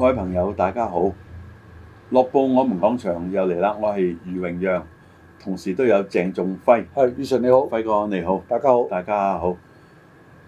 各位朋友，大家好！樂報我們講場又嚟啦，我係余榮陽，同時都有鄭仲輝。係，余 Sir 你好，輝哥你好，大家好，大家好。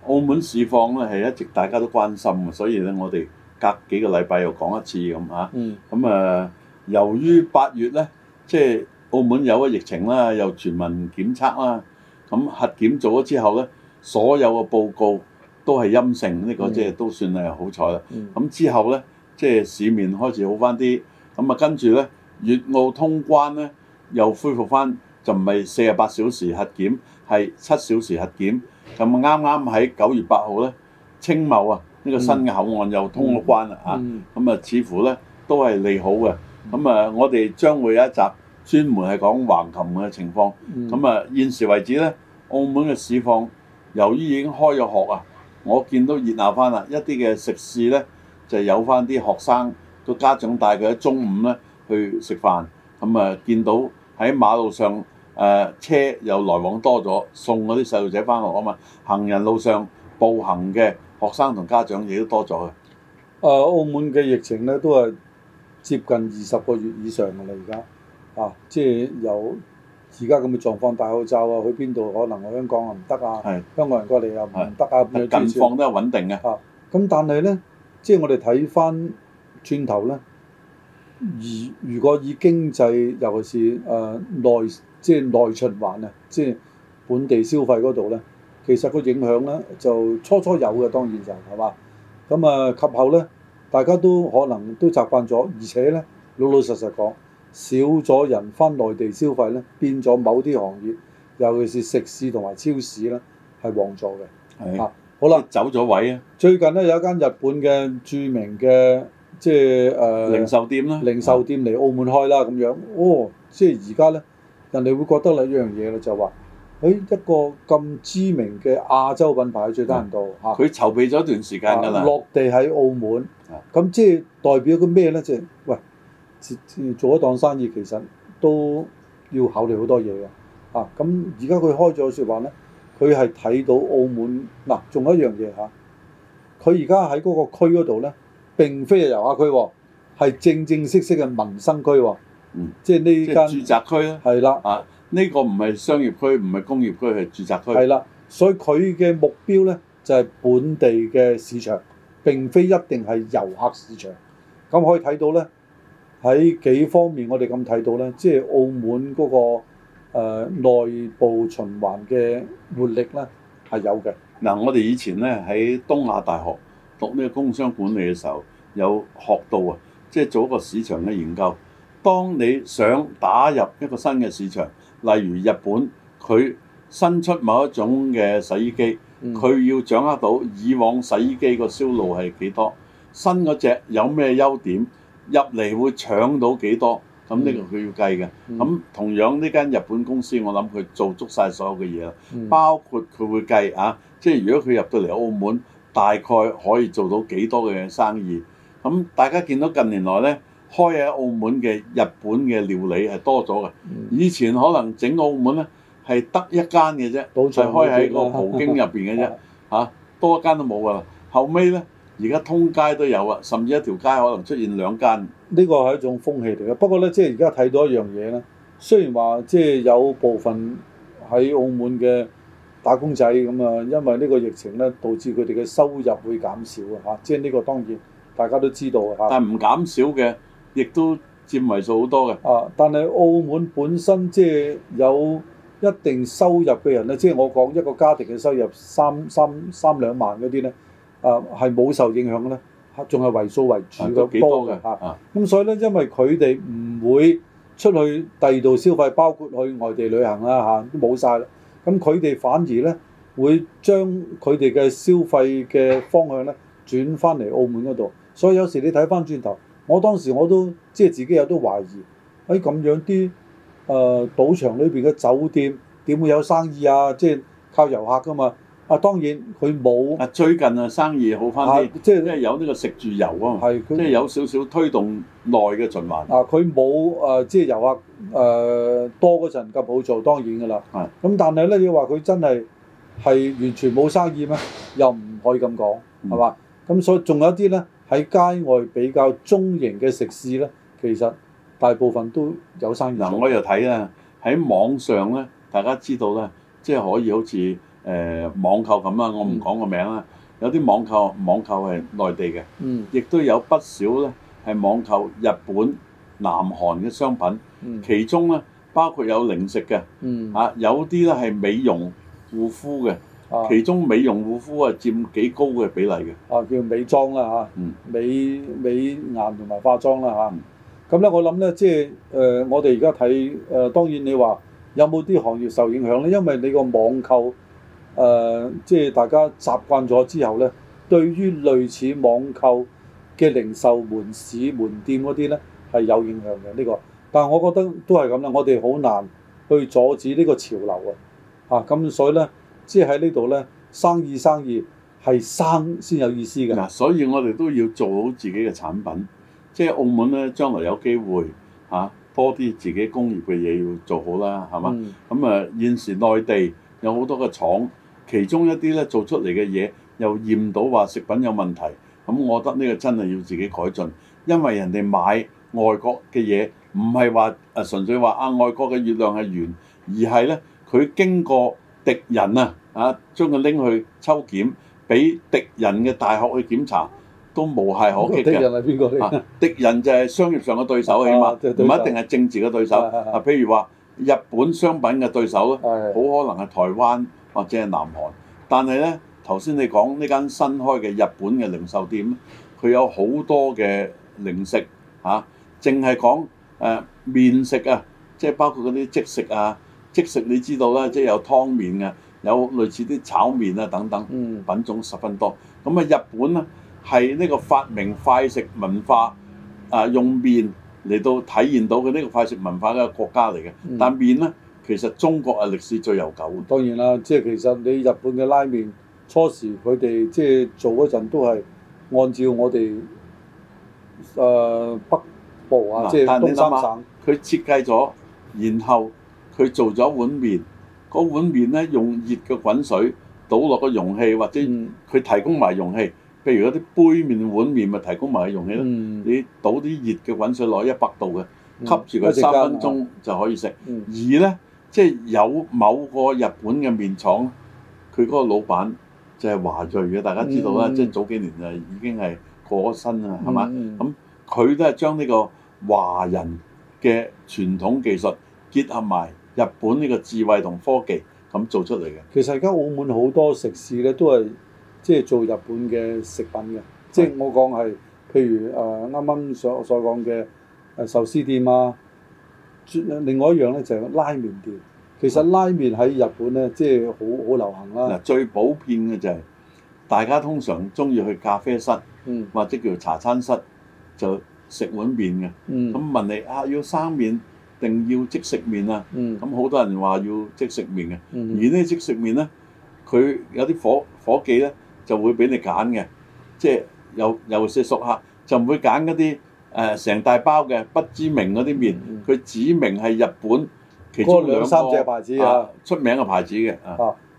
澳門市況咧係一直大家都關心嘅，所以咧我哋隔幾個禮拜又講一次咁嚇。嗯。咁啊，由於八月咧，即係澳門有個疫情啦，又全民檢測啦，咁核檢做咗之後咧，所有嘅報告都係陰性，呢個即係都算係好彩啦。嗯。咁之後咧。即係市面開始好翻啲，咁啊跟住呢，粵澳通關呢又恢復翻，就唔係四十八小時核檢，係七小時核檢。咁啱啱喺九月八號呢，青茂啊呢、呢個新嘅口岸又通咗關啦、嗯嗯、啊！咁啊似乎呢都係利好嘅。咁啊，我哋將會有一集專門係講橫琴嘅情況。咁啊，現時為止呢，澳門嘅市況由於已經開咗學啊，我見到熱鬧翻啦，一啲嘅食肆呢。就有翻啲學生個家長帶佢喺中午咧去食飯，咁、嗯、啊見到喺馬路上誒、呃、車又來往多咗，送嗰啲細路仔翻學啊嘛，行人路上步行嘅學生同家長亦都多咗嘅。誒、啊，澳門嘅疫情咧都係接近二十個月以上啦，而家啊，即係有而家咁嘅狀況，戴口罩啊，去邊度可能喺香港啊唔得啊，是香港人過嚟又唔得啊，是啊，近況都係穩定嘅。嚇、啊，咁但係咧？即係我哋睇翻轉頭呢，而如果以經濟，尤其是誒內即係內循環啊，即係本地消費嗰度呢，其實個影響呢就初初有嘅，當然就係嘛。咁啊、嗯、及後呢大家都可能都習慣咗，而且呢老老實實講，少咗人翻內地消費呢，變咗某啲行業，尤其是食肆同埋超市呢，係旺咗嘅。係是。啊。好啦，走咗位啊！最近咧有一間日本嘅著名嘅，即係誒零售店啦，零售店嚟澳門開啦咁樣。哦，即係而家咧，人哋會覺得另一樣嘢啦，就話、是：，誒、哎、一個咁知名嘅亞洲品牌最低限度嚇。佢、嗯、籌備咗一段時間㗎啦、啊。落地喺澳門，咁、啊、即係代表個咩咧？即、就、係、是、喂，做一檔生意其實都要考慮好多嘢嘅。嚇、啊，咁而家佢開咗説話咧。佢係睇到澳門嗱，仲有一樣嘢嚇，佢而家喺嗰個區嗰度咧，並非係遊客區喎，係正正式式嘅民生區喎，嗯，即係呢間，即係住宅區咯，係啦，啊，呢個唔係商業區，唔係工業區，係住宅區，係啦，所以佢嘅目標咧就係本地嘅市場，並非一定係遊客市場。咁可以睇到咧，喺幾方面我哋咁睇到咧，即係澳門嗰個。誒、呃、內部循環嘅活力咧係有嘅。嗱、啊，我哋以前呢喺東亞大學讀呢個工商管理嘅時候，有學到啊，即係做一個市場嘅研究。當你想打入一個新嘅市場，例如日本，佢新出某一種嘅洗衣機，佢、嗯、要掌握到以往洗衣機個銷路係幾多，新嗰隻有咩優點，入嚟會搶到幾多？咁呢、嗯、個佢要計嘅，咁、嗯、同樣呢間、嗯、日本公司，我諗佢做足晒所有嘅嘢啦，嗯、包括佢會計啊，即係如果佢入到嚟澳門，大概可以做到幾多嘅生意？咁、嗯、大家見到近年來呢，開喺澳門嘅日本嘅料理係多咗嘅，嗯、以前可能整澳門呢係得一間嘅啫，嗯、就開喺個葡京入邊嘅啫，嚇多一間都冇㗎啦，後尾呢。而家通街都有啊，甚至一條街可能出現兩間。呢個係一種風氣嚟嘅，不過呢，即係而家睇到一樣嘢呢，雖然話即係有部分喺澳門嘅打工仔咁啊，因為呢個疫情呢，導致佢哋嘅收入會減少啊，嚇。即係呢個當然大家都知道啊。但係唔減少嘅，亦都佔為數好多嘅。啊！但係澳門本身即係有一定收入嘅人呢，即係我講一個家庭嘅收入三三三兩萬嗰啲呢。誒係冇受影響咧，仲係為數為主嘅、啊、幾多嘅嚇。咁、啊啊、所以咧，因為佢哋唔會出去第二度消費，包括去外地旅行啦、啊、嚇、啊，都冇晒。啦、啊。咁佢哋反而咧會將佢哋嘅消費嘅方向咧轉翻嚟澳門嗰度。所以有時你睇翻轉頭，我當時我都即係自己有都懷疑，誒、哎、咁樣啲誒、呃、賭場裏邊嘅酒店點會有生意啊？即係靠遊客㗎嘛。啊，當然佢冇。啊，最近啊，生意好翻啲，即係即係有呢個食住遊啊嘛，即係有少少推動內嘅循環。啊，佢冇誒，即係遊客誒多嗰陣咁好做，當然㗎啦。係。咁但係咧，你話佢真係係完全冇生意咩？又唔可以咁講，係嘛？咁所以仲有啲咧喺街外比較中型嘅食肆咧，其實大部分都有生意。嗱，我又睇啦，喺網上咧，大家知道咧，即係可以好似。誒、呃、網購咁啦，我唔講個名啦。有啲網購，網購係內地嘅，亦、嗯、都有不少咧係網購日本、南韓嘅商品。嗯、其中咧包括有零食嘅，嗯、啊有啲咧係美容護膚嘅，其中美容護膚啊佔幾高嘅比例嘅。啊，叫美妝啦嚇、啊，美美顏同埋化妝啦嚇。咁、啊、咧、嗯嗯、我諗咧，即係誒、呃、我哋而家睇誒，當然你話有冇啲行業受影響咧？因為你個網購，誒、呃，即係大家習慣咗之後呢，對於類似網購嘅零售門市、門店嗰啲呢，係有影響嘅呢、呢個。但係我覺得都係咁啦，我哋好難去阻止呢個潮流啊！嚇咁所以呢，即係喺呢度呢，生意生意係生先有意思嘅。嗱、啊，所以我哋都要做好自己嘅產品。即係澳門呢，將來有機會嚇、啊、多啲自己工業嘅嘢要做好啦，係嘛？咁、嗯、啊，現時內地有好多嘅廠。其中一啲咧做出嚟嘅嘢又驗到話食品有問題，咁我覺得呢個真係要自己改進，因為人哋買外國嘅嘢唔係話啊純粹話啊外國嘅月亮係圓，而係呢，佢經過敵人啊啊將佢拎去抽檢，俾敵人嘅大學去檢查都無懈可擊嘅。敵人係邊個嚟啊？敵人就係商業上嘅對手，起碼唔、啊、一定係政治嘅對手啊。譬如話日本商品嘅對手，好可能係台灣。或者係南韓，但係呢頭先你講呢間新開嘅日本嘅零售店，佢有好多嘅零食啊，淨係講誒麪食啊，即係包括嗰啲即食啊，即食你知道啦，即係有湯麵嘅、啊，有類似啲炒麵啊等等，嗯、品種十分多。咁、嗯、啊、嗯、日本呢，係呢個發明快食文化啊，用麵嚟到體現到佢呢個快食文化嘅國家嚟嘅，嗯、但麵呢。其實中國係歷史最悠久嘅，當然啦，即係其實你日本嘅拉麵初時佢哋即係做嗰陣都係按照我哋誒、呃、北部啊，即係東三省，佢設計咗，然後佢做咗碗麵，嗰碗麵咧用熱嘅滾水倒落個容器，或者佢提供埋容器，譬如嗰啲杯麵碗麵咪提供埋容器咯，嗯、你倒啲熱嘅滾水落一百度嘅，吸住佢三分鐘就可以食，嗯嗯、而咧。即係有某個日本嘅麵廠，佢嗰個老闆就係華裔嘅，大家知道啦。嗯、即係早幾年就已經係過咗身啦，係嘛、嗯？咁佢都係將呢個華人嘅傳統技術結合埋日本呢個智慧同科技，咁做出嚟嘅。其實而家澳門好多食肆咧都係即係做日本嘅食品嘅，的即係我講係，譬如誒啱啱所所講嘅誒壽司店啊。另外一樣咧就係、是、拉麵店，其實拉麵喺日本咧即係好好流行啦。嗱，最普遍嘅就係、是、大家通常中意去咖啡室，嗯、或者叫做茶餐室，就食碗麵嘅。咁、嗯、問你啊，要生麵定要即食麵啊？咁好、嗯、多人話要即食麵嘅。嗯、而呢即食麵咧，佢有啲伙伙計咧就會俾你揀嘅，即、就、係、是、有又是熟客就唔會揀一啲。誒成、呃、大包嘅不知名嗰啲麵，佢、嗯、指明係日本，其中兩兩三隻牌子啊，出名嘅牌子嘅啊。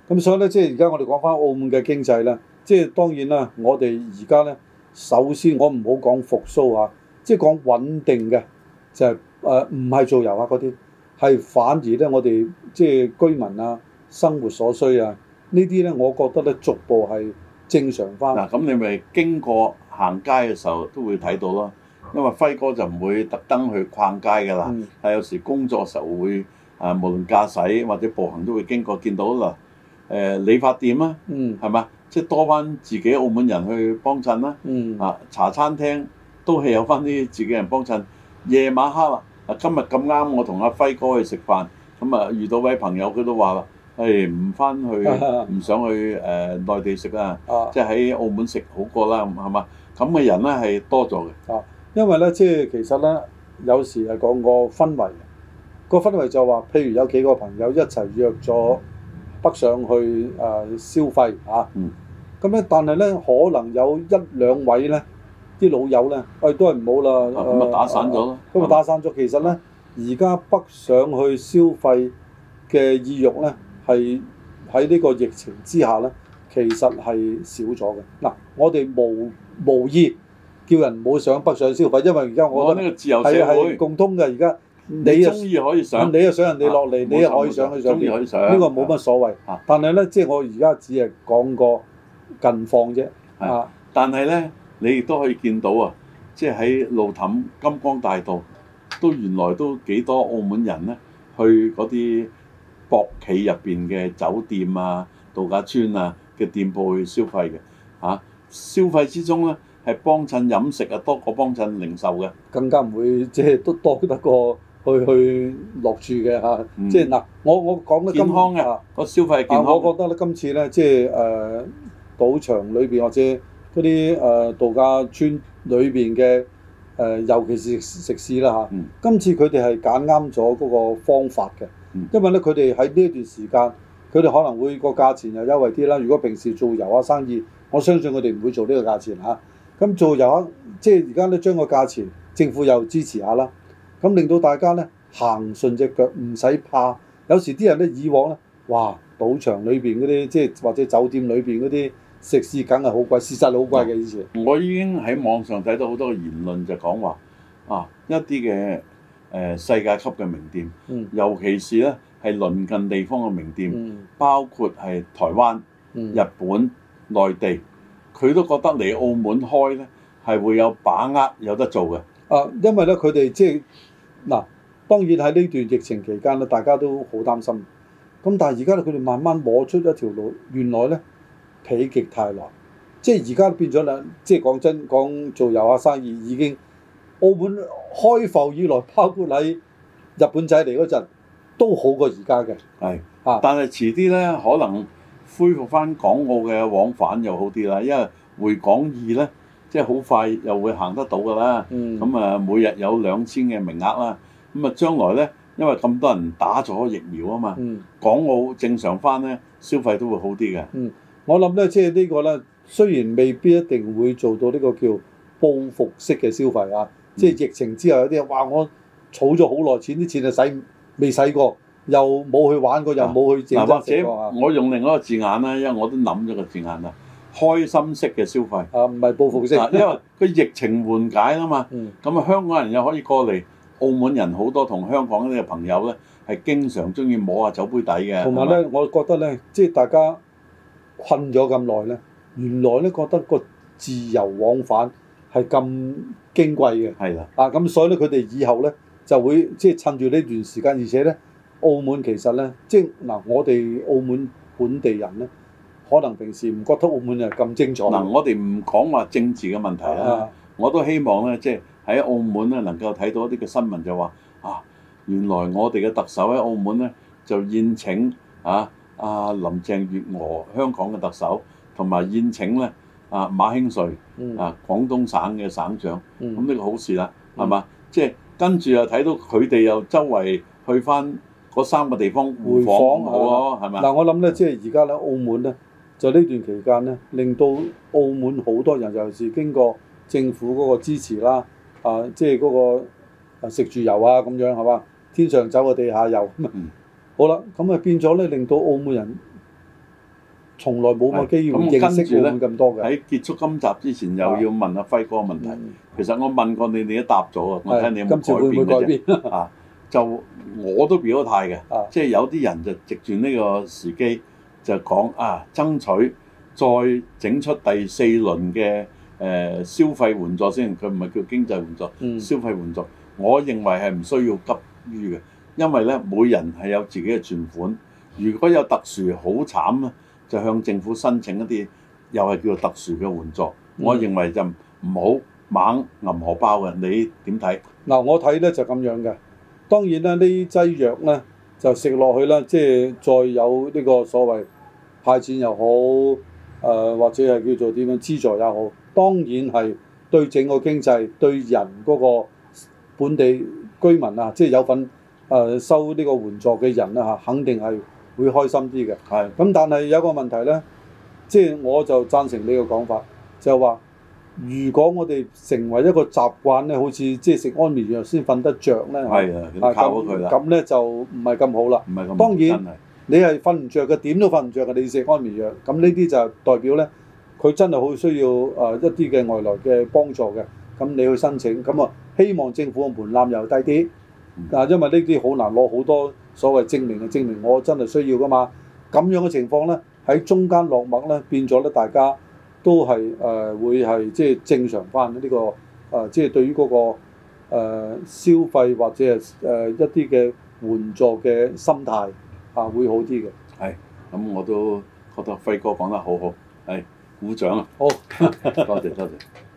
咁、啊、所以咧，即係而家我哋講翻澳門嘅經濟咧，即係當然啦，我哋而家咧，首先我唔好講復甦嚇，即係講穩定嘅就係、是、誒，唔係做遊啊嗰啲，係反而咧我哋即係居民啊生活所需啊呢啲咧，我覺得咧逐步係正常翻。嗱、啊，咁你咪經過行街嘅時候都會睇到咯。因為輝哥就唔會特登去逛街㗎啦，係、嗯、有時工作時候會啊，無論駕駛或者步行都會經過見到啦。誒、呃、理髮店啦、啊，係嘛、嗯，即係多翻自己澳門人去幫襯啦。啊、嗯、茶餐廳都係有翻啲自己人幫襯。夜晚黑啊，今日咁啱我同阿輝哥去食飯，咁啊遇到位朋友佢都話啦，誒唔翻去唔、啊啊、想去誒內、呃、地食啦、啊，即係喺澳門食好過啦，係嘛？咁嘅人咧係多咗嘅。啊因為咧，即係其實咧，有時係講個氛圍，個氛圍就話，譬如有幾個朋友一齊約咗北上去誒、呃、消費嚇，咁、啊、咧，但係咧，可能有一兩位咧，啲老友咧，喂、哎，都係唔好啦，咁啊，啊打散咗咁啊，啊打散咗。啊、其實咧，而家北上去消費嘅意欲咧，係喺呢個疫情之下咧，其實係少咗嘅。嗱、啊，我哋無無意，無意無意無意叫人唔好上北上消費，因為而家我覺得呢個自由社會係係共通嘅。而家、啊、你中意可以上，啊、上你又想人哋落嚟，你又可以上去上邊。可以上，呢個冇乜所謂。啊、但係咧，即係我過而家只係講過近況啫。啊！啊但係咧，你亦都可以見到啊，即係喺路氹金光大道都原來都幾多澳門人咧，去嗰啲博企入邊嘅酒店啊、度假村啊嘅店鋪去消費嘅。嚇、啊！消費之中咧～、啊啊係幫襯飲食啊，多過幫襯零售嘅，更加唔會即係都多得過去去落注嘅嚇。嗯、即係嗱，我我講得健康嘅、啊、個消費健康我覺得咧今次咧即係誒、呃、賭場裏邊或者嗰啲誒度假村裏邊嘅誒，尤其是食，食肆啦嚇。啊嗯、今次佢哋係揀啱咗嗰個方法嘅，嗯、因為咧佢哋喺呢一段時間，佢哋可能會個價錢又優惠啲啦。如果平時做遊啊生意，我相信佢哋唔會做呢個價錢嚇。咁做有，即係而家咧將個價錢，政府又支持下啦，咁令到大家咧行順隻腳，唔使怕。有時啲人咧以往咧，哇，賭場裏邊嗰啲，即係或者酒店裏邊嗰啲食肆，梗係好貴，事實好貴嘅。以前我已經喺網上睇到好多言論就，就講話啊，一啲嘅誒世界級嘅名店，嗯、尤其是咧係鄰近地方嘅名店，嗯、包括係台灣、嗯、日本、內地。佢都覺得嚟澳門開咧，係會有把握有得做嘅。誒、啊，因為咧，佢哋即係嗱，當然喺呢段疫情期間咧，大家都好擔心。咁但係而家咧，佢哋慢慢摸出一條路。原來咧，否極泰來。即係而家變咗啦，即係講真講做遊客、啊、生意已經澳門開埠以來，包括喺日本仔嚟嗰陣，都好過而家嘅。係啊，但係遲啲咧，可能。恢復翻港澳嘅往返又好啲啦，因為回港易呢，即係好快又會行得到噶啦。咁啊、嗯，每日有兩千嘅名額啦。咁啊，將來呢，因為咁多人打咗疫苗啊嘛，嗯、港澳正常翻呢，消費都會好啲嘅、嗯。我諗呢，即係呢個呢，雖然未必一定會做到呢個叫報復式嘅消費啊，嗯、即係疫情之後有啲哇，我儲咗好耐錢就，啲錢啊使未使過。又冇去玩過，又冇去接觸過啊！嗱，或者我用另外一個字眼啦，因為我都諗咗個字眼啦，開心式嘅消費啊，唔係報復式啊。因為佢疫情緩解啦嘛，咁啊，香港人又可以過嚟，澳門人好多同香港嘅朋友咧，係經常中意摸下酒杯底嘅。同埋咧，我覺得咧，即係大家困咗咁耐咧，原來咧覺得個自由往返係咁矜貴嘅。係啦。啊，咁所以咧，佢哋以後咧就會即係趁住呢段時間，而且咧。澳門其實呢，即係嗱，我哋澳門本地人呢，可能平時唔覺得澳門又咁精彩。嗱，我哋唔講話政治嘅問題啦、啊，的我都希望呢，即係喺澳門呢，能夠睇到一啲嘅新聞就，就話啊，原來我哋嘅特首喺澳門呢，就宴請啊阿、啊、林鄭月娥香港嘅特首，同埋宴請呢啊馬興瑞、嗯、啊廣東省嘅省長，咁呢、嗯、個好事啦，係嘛？嗯、即係跟住又睇到佢哋又周圍去返。嗰三個地方回訪係咪？嗱，我諗咧，即係而家咧，澳門咧，就呢段期間咧，令到澳門好多人尤其是經過政府嗰個支持啦，啊，即係嗰個食住遊啊咁樣係嘛？天上走啊，地下遊。嗯、好啦，咁、嗯、啊變咗咧，令到澳門人從來冇乜機會認識澳門咁多嘅。喺、嗯、結束今集之前，又要問阿、啊、輝哥問題。嗯嗯嗯、其實我問過你，你都答咗啊。我係。今次會唔會改變啊？ 就我都表咗態嘅，啊、即係有啲人就藉住呢個時機就講啊，爭取再整出第四輪嘅誒、呃、消費援助先，佢唔係叫經濟援助，嗯、消費援助。我認為係唔需要急於嘅，因為咧每人係有自己嘅存款，如果有特殊好慘啊，就向政府申請一啲又係叫做特殊嘅援助。嗯、我認為就唔好猛銀荷包嘅，你點睇？嗱、嗯，我睇咧就咁、是、樣嘅。當然啦，藥呢劑藥咧就食落去啦，即係再有呢個所謂派錢又好，誒、呃、或者係叫做點樣資助也好，當然係對整個經濟、對人嗰個本地居民啊，即係有份誒、呃、收呢個援助嘅人啦嚇、啊，肯定係會開心啲嘅。係咁的，但係有個問題呢，即係我就贊成你嘅講法，就話。如果我哋成為一個習慣咧，好似即係食安眠藥先瞓得著咧，的啊咁咁咧就唔係咁好啦。唔係咁，當然你係瞓唔着嘅，點都瞓唔着嘅，你食安眠藥。咁呢啲就代表咧，佢真係好需要誒、呃、一啲嘅外來嘅幫助嘅。咁你去申請，咁啊希望政府嘅門檻又低啲。啊、嗯，因為呢啲好難攞好多所謂證明嘅證明，證明我真係需要㗎嘛。咁樣嘅情況咧，喺中間落墨咧，變咗咧大家。都係誒、呃、會係即係正常返呢、這個啊、呃，即係對於嗰、那個、呃、消費或者係誒、呃、一啲嘅援助嘅心態啊，會好啲嘅。係，咁我都覺得輝哥講得好好。係、哎，鼓掌啊！好、哦， 多謝多謝。